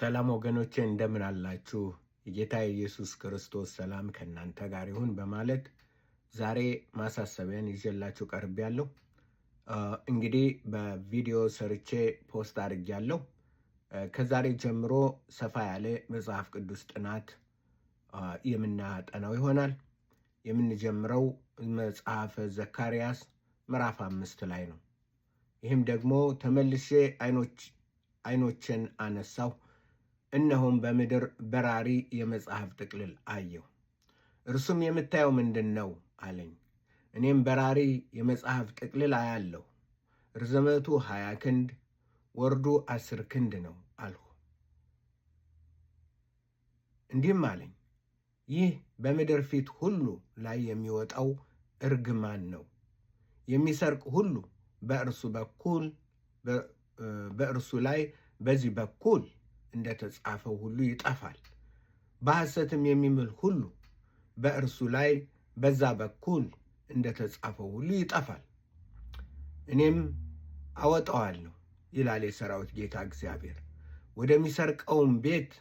ሰላም ወገኖቼ እንደምን አላችሁ? የጌታ የኢየሱስ ክርስቶስ ሰላም ከእናንተ ጋር ይሁን በማለት ዛሬ ማሳሰቢያን ይዤላችሁ ቀርቤያለሁ። እንግዲህ በቪዲዮ ሰርቼ ፖስት አድርጌያለሁ። ከዛሬ ጀምሮ ሰፋ ያለ መጽሐፍ ቅዱስ ጥናት የምናጠናው ይሆናል። የምንጀምረው መጽሐፈ ዘካርያስ ምዕራፍ አምስት ላይ ነው። ይህም ደግሞ ተመልሼ አይኖችን አነሳው እነሆም በምድር በራሪ የመጽሐፍ ጥቅልል አየሁ። እርሱም የምታየው ምንድን ነው አለኝ። እኔም በራሪ የመጽሐፍ ጥቅልል አያለሁ፣ ርዝመቱ ሀያ ክንድ ወርዱ አስር ክንድ ነው አልሁ። እንዲህም አለኝ ይህ በምድር ፊት ሁሉ ላይ የሚወጣው እርግማን ነው። የሚሰርቅ ሁሉ በእርሱ በኩል በእርሱ ላይ በዚህ በኩል እንደተጻፈው ሁሉ ይጠፋል። በሐሰትም የሚምል ሁሉ በእርሱ ላይ በዛ በኩል እንደተጻፈው ሁሉ ይጠፋል። እኔም አወጣዋለሁ ይላል የሰራዊት ጌታ እግዚአብሔር። ወደሚሰርቀውም ቤት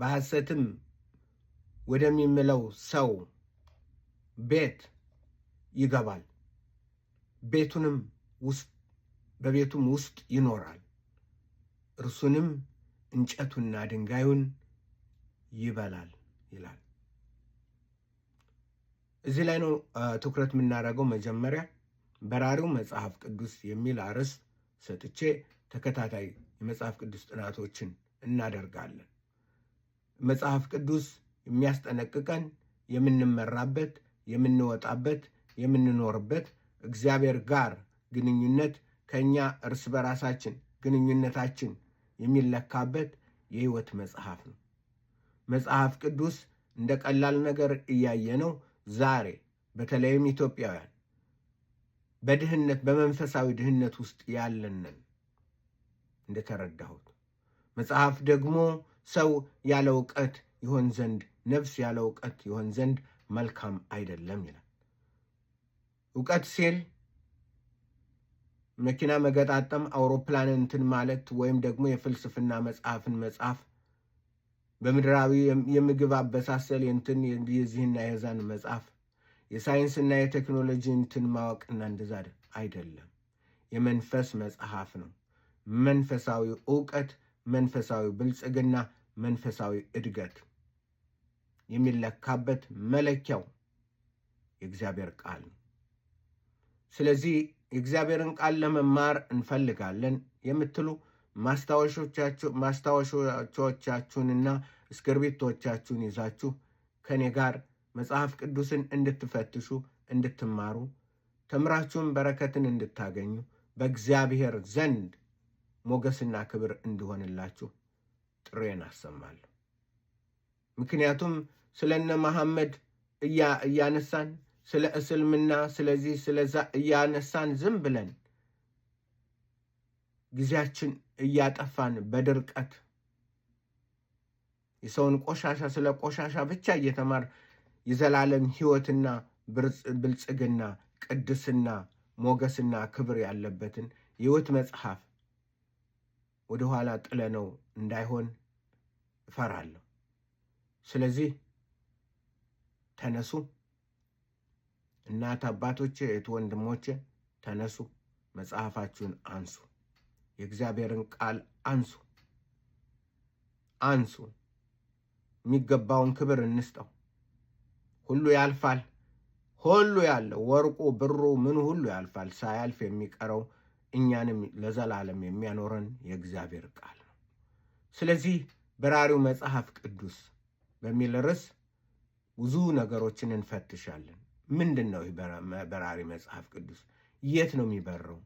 በሐሰትም ወደሚምለው ሰው ቤት ይገባል፣ ቤቱንም ውስጥ በቤቱም ውስጥ ይኖራል፣ እርሱንም እንጨቱና ድንጋዩን ይበላል ይላል። እዚህ ላይ ነው ትኩረት የምናደርገው። መጀመሪያ በራሪው መጽሐፍ ቅዱስ የሚል አርዕስት ሰጥቼ ተከታታይ የመጽሐፍ ቅዱስ ጥናቶችን እናደርጋለን። መጽሐፍ ቅዱስ የሚያስጠነቅቀን የምንመራበት፣ የምንወጣበት፣ የምንኖርበት እግዚአብሔር ጋር ግንኙነት ከእኛ እርስ በራሳችን ግንኙነታችን የሚለካበት የሕይወት መጽሐፍ ነው። መጽሐፍ ቅዱስ እንደ ቀላል ነገር እያየነው ዛሬ በተለይም ኢትዮጵያውያን በድህነት በመንፈሳዊ ድህነት ውስጥ ያለንን እንደተረዳሁት መጽሐፍ ደግሞ ሰው ያለ እውቀት ይሆን ዘንድ ነፍስ ያለ እውቀት ይሆን ዘንድ መልካም አይደለም ይላል። እውቀት ሲል መኪና መገጣጠም፣ አውሮፕላን እንትን ማለት ወይም ደግሞ የፍልስፍና መጽሐፍን መጽሐፍ በምድራዊ የምግብ አበሳሰል እንትን የዚህና የዛን መጽሐፍ የሳይንስና የቴክኖሎጂ እንትን ማወቅና እንደዛ አይደለም። የመንፈስ መጽሐፍ ነው። መንፈሳዊ እውቀት፣ መንፈሳዊ ብልጽግና፣ መንፈሳዊ እድገት የሚለካበት መለኪያው የእግዚአብሔር ቃል ነው። ስለዚህ የእግዚአብሔርን ቃል ለመማር እንፈልጋለን የምትሉ ማስታወሻዎቻችሁንና እስክርቢቶቻችሁን ይዛችሁ ከእኔ ጋር መጽሐፍ ቅዱስን እንድትፈትሹ እንድትማሩ ተምራችሁን በረከትን እንድታገኙ በእግዚአብሔር ዘንድ ሞገስና ክብር እንዲሆንላችሁ ጥሬን አሰማለሁ። ምክንያቱም ስለነ መሐመድ እያነሳን ስለ እስልምና ስለዚህ ስለዛ እያነሳን ዝም ብለን ጊዜያችን እያጠፋን በድርቀት የሰውን ቆሻሻ ስለ ቆሻሻ ብቻ እየተማር የዘላለም ሕይወትና ብልጽግና ቅድስና ሞገስና ክብር ያለበትን የሕይወት መጽሐፍ ወደኋላ ጥለነው እንዳይሆን እፈራለሁ። ስለዚህ ተነሱ። እናት አባቶቼ፣ እህት ወንድሞቼ ተነሱ፣ መጽሐፋችሁን አንሱ፣ የእግዚአብሔርን ቃል አንሱ አንሱ። የሚገባውን ክብር እንስጠው። ሁሉ ያልፋል። ሁሉ ያለው ወርቁ፣ ብሩ፣ ምን ሁሉ ያልፋል። ሳያልፍ የሚቀረው እኛንም ለዘላለም የሚያኖረን የእግዚአብሔር ቃል ነው። ስለዚህ በራሪው መጽሐፍ ቅዱስ በሚል ርዕስ ብዙ ነገሮችን እንፈትሻለን። ምንድን ነው በራሪ መጽሐፍ ቅዱስ? የት ነው የሚበረው?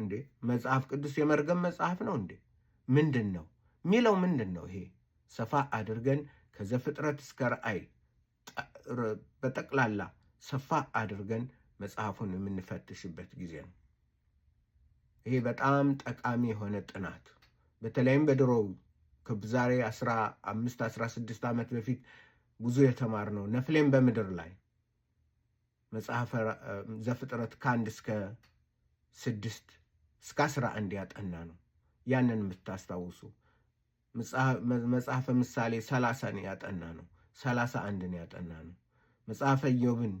እንዴ መጽሐፍ ቅዱስ የመርገም መጽሐፍ ነው እንዴ? ምንድን ነው ሚለው? ምንድን ነው ይሄ? ሰፋ አድርገን ከዘፍጥረት እስከ ራእይ በጠቅላላ ሰፋ አድርገን መጽሐፉን የምንፈትሽበት ጊዜ ነው። ይሄ በጣም ጠቃሚ የሆነ ጥናት በተለይም በድሮው ከዛሬ 15 16 ዓመት በፊት ብዙ የተማርነው ነፍሌም በምድር ላይ መጽሐፈ ዘፍጥረት ከአንድ እስከ ስድስት እስከ አስራ አንድ ያጠና ነው። ያንን የምታስታውሱ መጽሐፈ ምሳሌ ሰላሳን ያጠና ነው። ሰላሳ አንድን ያጠና ነው። መጽሐፈ ኢዮብን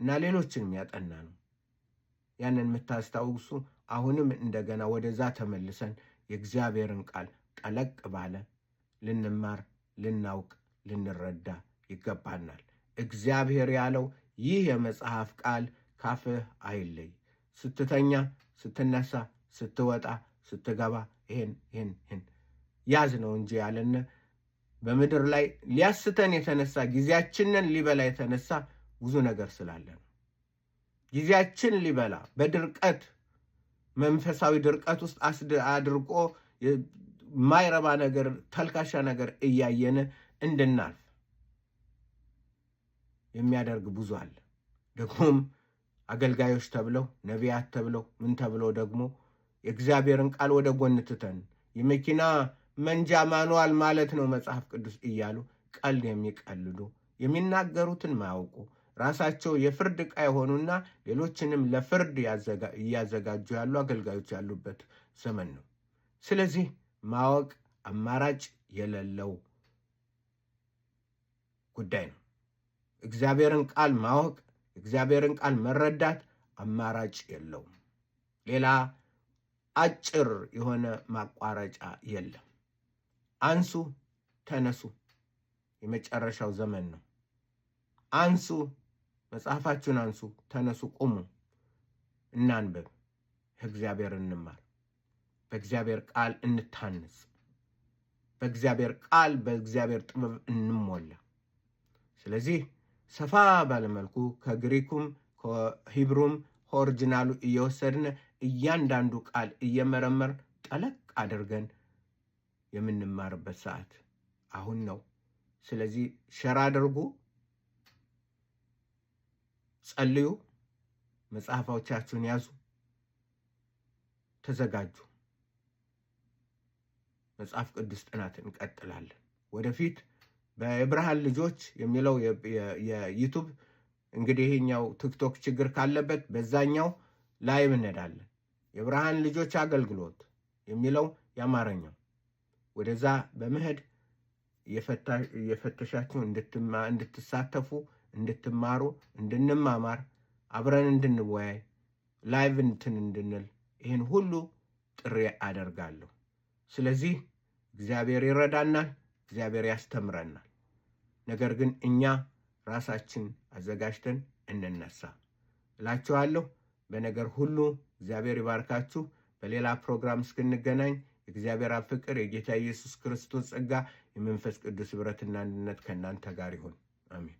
እና ሌሎችንም ያጠና ነው። ያንን የምታስታውሱ አሁንም እንደገና ወደዛ ተመልሰን የእግዚአብሔርን ቃል ጠለቅ ባለ ልንማር ልናውቅ ልንረዳ ይገባናል። እግዚአብሔር ያለው ይህ የመጽሐፍ ቃል ካፍህ አይለይ፣ ስትተኛ፣ ስትነሳ፣ ስትወጣ፣ ስትገባ ይህን ይህን ይህን ያዝ ነው እንጂ ያለን በምድር ላይ ሊያስተን የተነሳ ጊዜያችንን ሊበላ የተነሳ ብዙ ነገር ስላለ ነው። ጊዜያችን ሊበላ በድርቀት መንፈሳዊ ድርቀት ውስጥ አድርቆ የማይረባ ነገር ተልካሻ ነገር እያየን እንድናልፍ የሚያደርግ ብዙ አለ። ደግሞም አገልጋዮች ተብለው ነቢያት ተብለው ምን ተብለው ደግሞ የእግዚአብሔርን ቃል ወደ ጎን ትተን የመኪና መንጃ ማኑዋል ማለት ነው መጽሐፍ ቅዱስ እያሉ ቀልድ የሚቀልዱ የሚናገሩትን ማያውቁ ራሳቸው የፍርድ ዕቃ የሆኑና ሌሎችንም ለፍርድ እያዘጋጁ ያሉ አገልጋዮች ያሉበት ዘመን ነው። ስለዚህ ማወቅ አማራጭ የሌለው ጉዳይ ነው። እግዚአብሔርን ቃል ማወቅ፣ እግዚአብሔርን ቃል መረዳት አማራጭ የለውም። ሌላ አጭር የሆነ ማቋረጫ የለም። አንሱ፣ ተነሱ፣ የመጨረሻው ዘመን ነው። አንሱ፣ መጽሐፋችሁን አንሱ፣ ተነሱ፣ ቁሙ፣ እናንብብ፣ ከእግዚአብሔር እንማር፣ በእግዚአብሔር ቃል እንታንጽ፣ በእግዚአብሔር ቃል በእግዚአብሔር ጥበብ እንሞላ። ስለዚህ ሰፋ ባለመልኩ ከግሪኩም ከሂብሩም ከኦሪጂናሉ እየወሰድን እያንዳንዱ ቃል እየመረመር ጠለቅ አድርገን የምንማርበት ሰዓት አሁን ነው። ስለዚህ ሸር አድርጉ፣ ጸልዩ፣ መጽሐፎቻችሁን ያዙ፣ ተዘጋጁ። መጽሐፍ ቅዱስ ጥናት እንቀጥላለን ወደፊት በብርሃን ልጆች የሚለው የዩቱብ እንግዲህ ይሄኛው ቲክቶክ ችግር ካለበት በዛኛው ላይቭ እንሄዳለን። የብርሃን ልጆች አገልግሎት የሚለው የአማርኛው ወደዛ በመሄድ የፈተሻችሁ እንድትሳተፉ፣ እንድትማሩ፣ እንድንማማር፣ አብረን እንድንወያይ፣ ላይቭ እንትን እንድንል ይህን ሁሉ ጥሪ አደርጋለሁ። ስለዚህ እግዚአብሔር ይረዳናል፣ እግዚአብሔር ያስተምረናል። ነገር ግን እኛ ራሳችን አዘጋጅተን እንነሳ እላችኋለሁ። በነገር ሁሉ እግዚአብሔር ይባርካችሁ። በሌላ ፕሮግራም እስክንገናኝ የእግዚአብሔር አብ ፍቅር፣ የጌታ ኢየሱስ ክርስቶስ ጸጋ፣ የመንፈስ ቅዱስ ኅብረትና አንድነት ከእናንተ ጋር ይሁን። አሜን።